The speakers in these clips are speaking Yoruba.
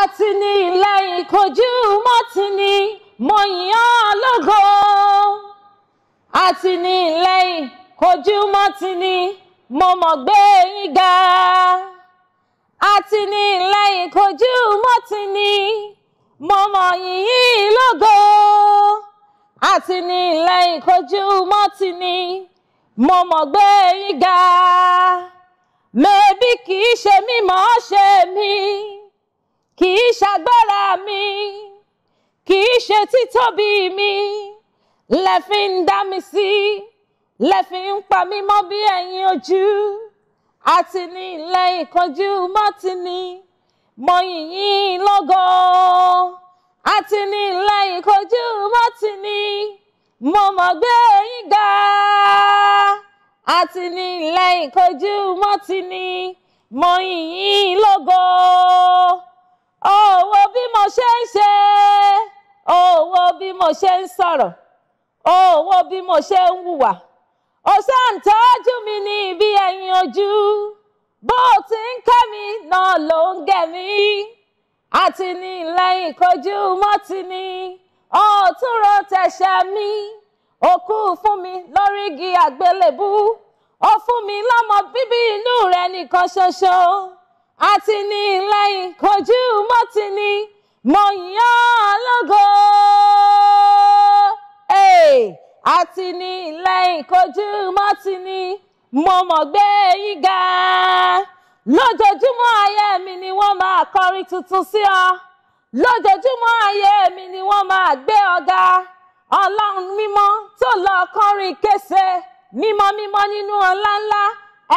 àti ní ìlẹ́yìn kojú mọ́tì ni mo yìn án lógo àti ní ìlẹ́yìn kojú mọ́tì ni mo mọ̀ gbé yín ga àti ní ìlẹ́yìn kojú mọ́tì ni mo mọ̀ yìn yín àti ní ìlẹ́yìn kojú mọ́tì mo mọ̀ gbé yín ga mẹ́bí kì í ṣe mímọ́ ṣe mí kì í ṣagbára mi kì í ṣe títóbi mi lẹ fi ń dá mi sí lẹ fi ń pa mí mọ́ bí ẹ̀yin ojú àti ní ilẹ̀ ìkanjú mọ́tì ni mo yìn àti ní ilẹ̀ ìkanjú mọ́tì mo mọ̀ gbé yín ga àti ní ilẹ̀ ìkanjú mọ́tì ni mo yìn òwò bí mo ṣe ń ṣe òwò bí mo ṣe ń sọ̀rọ̀ òwò bí mo ṣe ń hùwà òṣà mi ní ibi ẹ̀yìn ojú bó ti ń kẹ́ mi náà ló ń gẹ̀ mí àti ní lẹ́yìn kojú mọ́ ti ní ọ̀tún tẹ̀sẹ̀ mi òkú fún mi lórí àgbélébú ó fún mi lọ́mọ bíbí inú rẹ̀ nìkan ṣoṣo àti ní lẹ́yìn kojú mọ́tì ni mo yàn lógo. àti ní lẹ́yìn kojú mọ́tì ni mo mọ̀ gbé yín ga. lójoojúmọ́ ayé mi ni wọ́n máa kọrin tuntun sí ọ. lójoojúmọ́ ayé mi ni wọ́n máa gbé ọ ga. ọlọ́run mímọ́ tó lọ kọrin kése mímọ́ mímọ́ nínú ọlá ńlá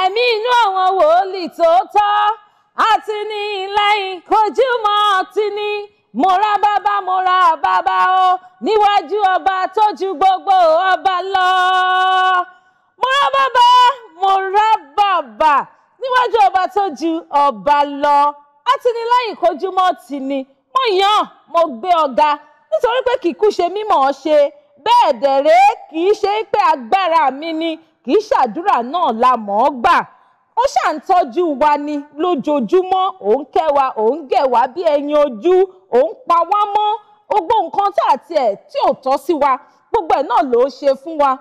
ẹ̀mí inú àwọn wòlíì tòótọ́ àti ní lẹ́yìn kojúmọ́ ti ní mo ra bàbá mo bàbá o níwájú ọba tó ju gbogbo ọba lọ. mo ra bàbá mo bàbá níwájú ọba tó ju ọba lọ. àti ní lẹ́yìn kojúmọ́ ti ní mo yàn mo gbé ọ̀gá nítorí pé kìkú ṣe mímọ̀ ọ́ ṣe bẹ́ẹ̀ dẹ̀rẹ́ kì í ṣe pé agbára mi ni kì í ṣàdúrà náà la mọ̀ ọ́ gbà ó ṣà ń tọ́jú wa ni lójoojúmọ́ òun kẹ́ wa òun gẹ̀ wá bí ẹyin ojú òun pa wá mọ́ gbogbo nǹkan tá àti ẹ̀ tí ò tọ́ sí wa gbogbo ẹ̀ náà ló ṣe fún wa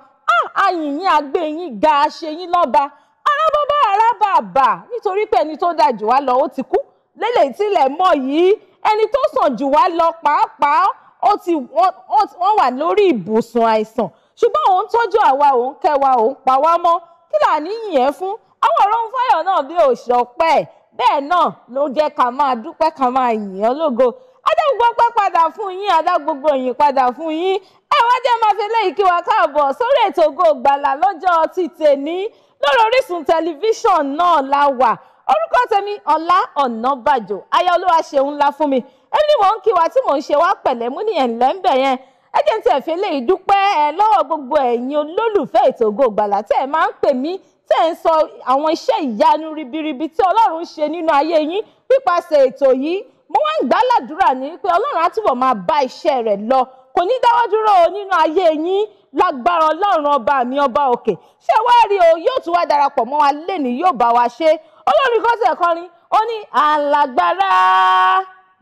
àyìn yín agbé yín ga ṣe yín lọ́ba arábábá arábàbà nítorí pé ẹni tó dáa jù wá lọ ó ti kú lélẹ̀ ìtìlẹ̀ mọ́ yìí ẹni tó sàn jù wá lọ pàápàá ó ti wọ́n wà lórí ibùsùn àìsàn ṣùgbọ́n òun tọ́jú àwa òun kẹ́ òun pa wá mọ́ kí là níyìn ẹ́ fún Ọlọ́run fáyọ̀ náà bí òṣọpẹ́ bẹ́ẹ̀ náà ló jẹ́ ká máa dúpẹ́ ká máa yìn ọ́ lógo adá gbogbo ọpẹ́ padà fún yín adá gbogbo ìyìn padà fún yín ẹ wá jẹ́ máa fi léyìí kí wa káàbọ̀ sórí ètò Ògo Ìgbàlà lọ́jọ́ ti tèní lórí Orísun tẹlifíṣàn náà la wà orúkọ tèmi Ọlá Ọ̀nàbàjò aya ṣeun ńlá fún mi èmi ni mò ń kí wa tí mò ń ṣe wá pẹ̀lẹ́ mú nìyẹn lẹ́ńbẹ̀ yẹn ẹ jẹ́ n tẹ̀ fi léyìí dúpẹ́ ẹ lọ́wọ́ gbogbo ẹ̀yin olólùfẹ́ ètò Ògo Ìgbàlà tẹ́ ẹ máa ń pè mí tẹ̀ ń sọ àwọn iṣẹ́ ìyanu ribiribi tí ọlọ́run ń ṣe nínú ayé yín nípasẹ̀ ètò yìí mo wá ń gbàládùra ní pé ọlọ́run á túbọ̀ máa bá iṣẹ́ rẹ̀ lọ kò ní dáwọ́ dúró nínú ayé yín lágbára ọlọ́run ọba mi ọba òkè ṣé wá rí o yóò tún wá darapọ̀ mọ́ wa lẹ́ni yóò bá wa ṣe olórin kọ́sẹ̀ kọrin ó ní alágbára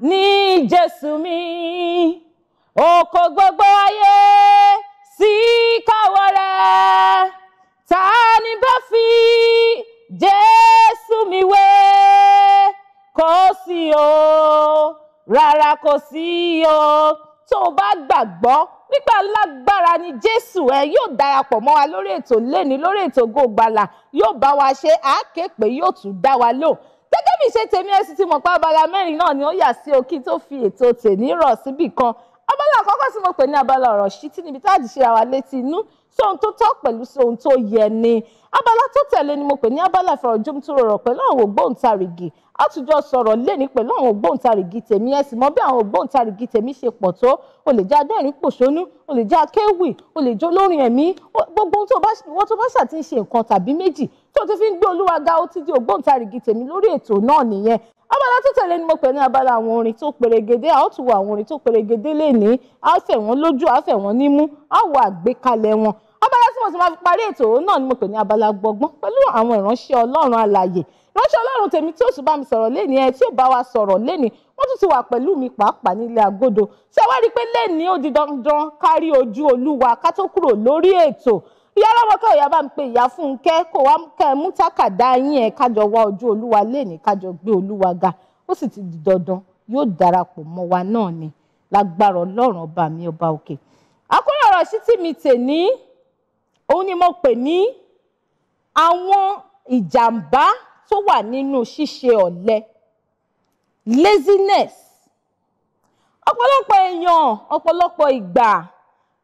ní jésù mi òkò gbogbo ayé sí káwọ́ rẹ̀ tá sí o rárá kò sí o tó o bá gbàgbọ́ nígbà lágbára ni jésù ẹ yóò darapọ̀ mọ́ wa lórí ètò lẹ́ni lórí ètò Ògo Ìgbàlà yóò bá wa ṣe àáké pé yóò tún dá wa lò gẹ́gẹ́ bí ṣe tèmi ẹ sì ti mọ̀ pé abala mẹ́rin náà ni ó yà sí òkì tó fi ètò tèmi rọ̀ síbì kan abala àkọ́kọ́ tí mo pè ní abala ọ̀rọ̀ ṣítí níbi tá a ti ṣe àwa létí inú sóhun tó tọ́ pẹ̀lú sóhun tó yẹ ni abala tó tẹ̀lé ni mo pè ní abala ìfọ̀rọ̀jomitoro ọ̀rọ̀ pẹ̀lú àwọn ògbóǹtarìgì àtújọ sọ̀rọ̀ lẹ́ni pẹ̀lú àwọn ògbóǹtarìgì tèmi ẹ sì mọ̀ bí àwọn ògbóǹtarìgì tèmi ṣe pọ̀ tó o lè jẹ́ adẹ́rìn pòṣónú o lè jẹ́ akéwì o lè jẹ́ olórin ẹ̀mí gbogbo wọn tó bá ṣàtìṣe nǹkan tàbí méjì tó ti fi ń gbé olúwa ga ó ti di ògbóǹtarìgì tèmi lórí ètò náà nìyẹn abala tó tẹ̀lé ni mo pè ní abala àwọn orin tó perégedé a ó tún wo àwọn orin tó perégedé lẹ́ni a ó fẹ̀ wọ́n lójú a ó fẹ̀ wọ́n nímú a ó wo àgbékalẹ̀ wọn abala tí mo sì máa fi parí ètò náà ni mo pè ní abala gbọgbọ́n pẹ̀lú àwọn ìránṣẹ́ ọlọ́run alàyè ìránṣẹ́ ọlọ́run tèmi tí ó sì bá mi sọ̀rọ̀ lẹ́ni ẹ tí ó bá wa sọ̀rọ̀ lẹ́ni wọ́n tún ti wà pẹ̀lú mi pàápàá nílé agodo ṣé wá rí i pé lẹ́ni ó di dandan kárí ojú olúwa ká tó kúrò lórí ètò ìyá ọlọ́mọkẹ́ ò yá bá ń pe ìyá fúnkẹ́ kó wá kẹ́ ẹ mú tákàdá yín ẹ kájọ wá ojú olúwa léèní kájọ gbé olúwa ga ó sì ti di dandan yóò darapọ̀ mọ́ wa náà ni lágbára ọlọ́run ọba mi ọba òkè àkúrò ọ̀rọ̀ sí tí mi tè ní òun ni mo pè ní àwọn ìjàmbá tó wà nínú ṣíṣe ọ̀lẹ laziness ọ̀pọ̀lọpọ̀ èèyàn ọ̀pọ̀lọpọ̀ ìgbà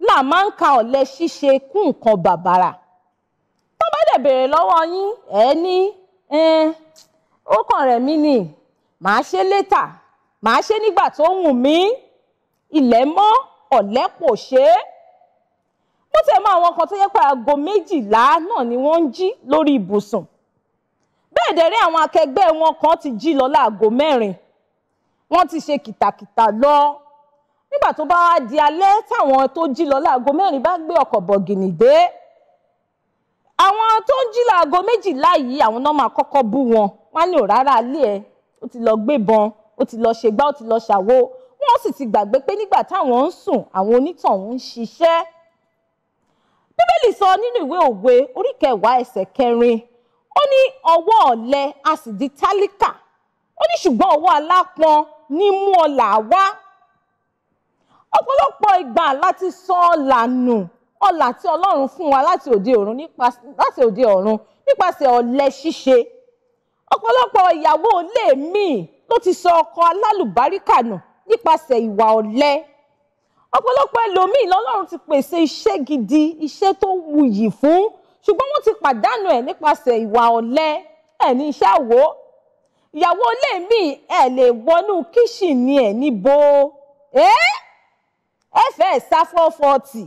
là máa ń ka ọ̀lẹ ṣíṣe kún nǹkan bàbàrà tó bá dẹ̀ béèrè lọ́wọ́ yín ẹ ní ó rẹ̀ mí ni màá ṣe létà màá ṣe nígbà tó wù mí ilẹ̀ mọ́ ọ̀lẹ pò ṣe é bó tẹ̀ mọ́ àwọn kan tó yẹ pé aago méjìlá náà ni wọ́n ń jí lórí ibùsùn bẹ́ẹ̀ dẹ̀ rí àwọn akẹgbẹ́ wọn kan ti jí lọ láago mẹ́rin wọ́n ti ṣe kìtàkìtà lọ nígbà tó bá wá di alẹ́ táwọn tó jí lọ láago mẹ́rin bá gbé ọkọ̀ bọ̀gìnì dé àwọn tó ń jí láago méjìlá yìí àwọn náà máa kọ́kọ́ bú wọn wọn á ní òrárá alẹ́ ẹ̀ ó ti lọ gbébọn ó ti lọ ṣègbà ó ti lọ ṣàwo wọn sì ti gbàgbé pé nígbà táwọn ń sùn àwọn onítọ̀hún ń ṣiṣẹ́ bíbélì sọ nínú ìwé òwe orí kẹwàá ẹsẹ̀ kẹrin ó ní ọwọ́ ọ̀lẹ a sì di tálíkà ó ní ṣùgbọ́n ọwọ́ alápọn ní mú ọlà wá ọ̀pọ̀lọpọ̀ ìgbà láti sọ ọ̀là nù ọ̀là tí ọlọ́run fún wa láti òde ọ̀run láti òde ọ̀run nípasẹ̀ ọ̀lẹ ṣíṣe ọ̀pọ̀lọpọ̀ ìyàwó ilé míì ló ti sọ ọkọ alálùbáríkà nù nípasẹ̀ ìwà ọ̀lẹ ọ̀pọ̀lọpọ̀ ẹlòmíì lọ́lọ́run ti pèsè iṣẹ́ gidi iṣẹ́ tó wuyì fún ṣùgbọ́n wọ́n ti pàdánù ẹ̀ nípasẹ̀ ìwà ọ̀lẹ ẹ̀ ní iṣẹ́ àwò ìyàwó ilé míì ẹ̀ lè wọnú kíṣìnì ẹ̀ níbo ẹ́ eh? ẹ fẹ́ sá four forty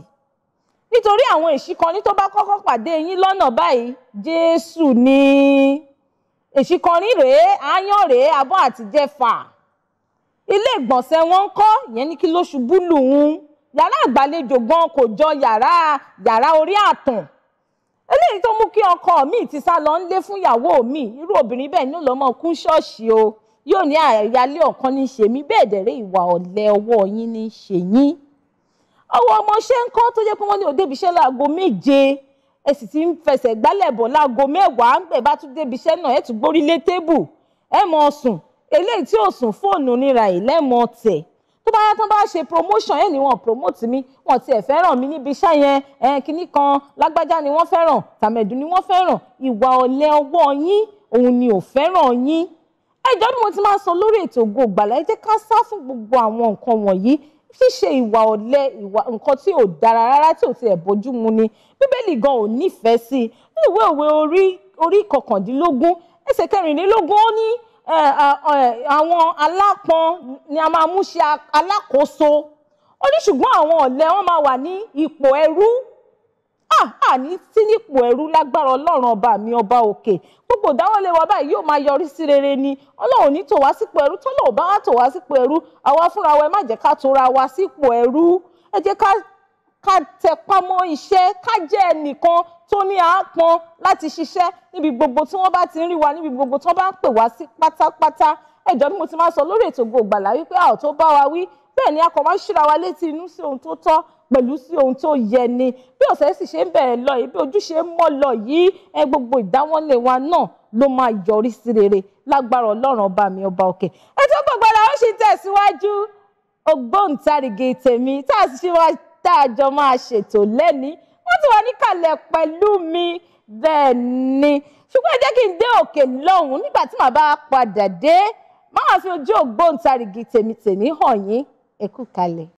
nítorí àwọn èṣìkanní tó bá kọ́kọ́ pàdé yín lọ́nà báyìí Jésù ni èṣìkanní rèé aáyán rèé abọ́ àtijẹ́fà ilé ìgbọ̀nsẹ̀ wọn ń kọ́ ìyẹn ní kí ló ṣubú lùhún yàrá àgbàlejò gan kò jọ yàrá yàrá orí àtàn eléyìí tó mú kí ọkọ mi ti sá lọ ń lé fún ìyàwó mi irú obìnrin bẹ́ẹ̀ ní lọ́mọ kú ṣọ́ọ̀ṣì o yóò ní àyálé ọ̀kan ní ṣe mí bẹ́ẹ̀ dẹ̀rẹ́ ìwà ọ̀lẹ ọwọ́ yín ní ṣe yín ọmọọṣẹ́ ń kọ́ tó jẹ́ pé wọ́n ní òdebi iṣẹ́ láago méje ẹ sì ti ń fẹsẹ̀ gbálẹ̀ bọ̀ láago mẹ́wàá ń bẹ̀ bá tún débi iṣẹ́ náà ẹ tún gbórí lé tébù ẹ mọ sùn eléyìí tí ò sùn fóònù oníra yìí lẹ́mọ tẹ̀ tó bá yá tán bá ṣe promotion ẹ ní wọn promote mi wọn tiẹ̀ fẹ́ràn mi níbi iṣẹ́ yẹn ẹ kinní kan lágbájá ni wọ́n fẹ́ràn tàmẹ̀dù ni wọ́n fẹ́ràn ìwà ọ̀lẹ ọwọ́ yín òun ni ò fẹ́ràn yín ẹjọ́ ni mo ti máa sọ lórí ètò Ògo Ìgbàlà ẹ jẹ́ ká sá fún gbogbo àwọn nǹkan wọ̀nyí ṣíṣe ìwà ọ̀lẹ ìwà nǹkan tí ò dára rárá tí ò tiẹ̀ bójú mu ni bíbélì gan ò nífẹ̀ẹ́ sí i ní ìwé òwe orí orí kọkàndínlógún ẹsẹ̀ kẹrìndínlógún ó ní àwọn alápọn ni a máa mú ṣe alákòóso ó ní ṣùgbọ́n àwọn ọ̀lẹ wọ́n máa wà ní ipò ẹrú àní ah, ah, sí nípò ẹrú lágbára ọlọ́run ọba mi ọba òkè gbogbo ìdáwọ́lé wa báyìí yóò máa yọrí sí rere ni ọlọ́run ní tò wá sípò ẹrú tọ́lọ́run bá wá tò wá sípò ẹrú àwa fúnra wa ẹ má jẹ́ ká tora wa sípò ẹrú ẹ jẹ́ ká ká tẹpá mọ́ iṣẹ́ ká jẹ́ ẹnìkan tó ní àápọn láti ṣiṣẹ́ níbi gbogbo tí wọ́n bá ti ń rí wa níbi gbogbo tí wọ́n bá ń pè wá sí pátápátá ẹjọ́ bí mo ti máa sọ lórí ètò Ògo Ìgbàlà wípé a tó bá wa wí bẹ́ẹ̀ ni a kò máa ń ṣíra wa létí inú sí ohun tó tọ́ pẹ̀lú sí ohun tó yẹ ni bí ọ̀sẹ̀ sì ṣe ń bẹ̀rẹ̀ lọ yìí bí ojú ṣe ń mọ́ lọ yìí ẹ gbogbo ìdáwọ́lé wa náà ló máa yọrí sí rere lágbára ọlọ́run ọba mi ọba òkè ètò gbogbo ara ó ṣe tẹ̀síwájú ògbóǹtarìgì tèmi tá a sì wá tá a jọ máa ṣètò lẹ́ni wọ́n ti wà níkàlẹ̀ pẹ̀lú mi bẹ́ẹ̀ ni ṣùgbọ́n ẹ jẹ́ kí n dé òkè lọ́hùn nígbà tí màá bá padà dé máa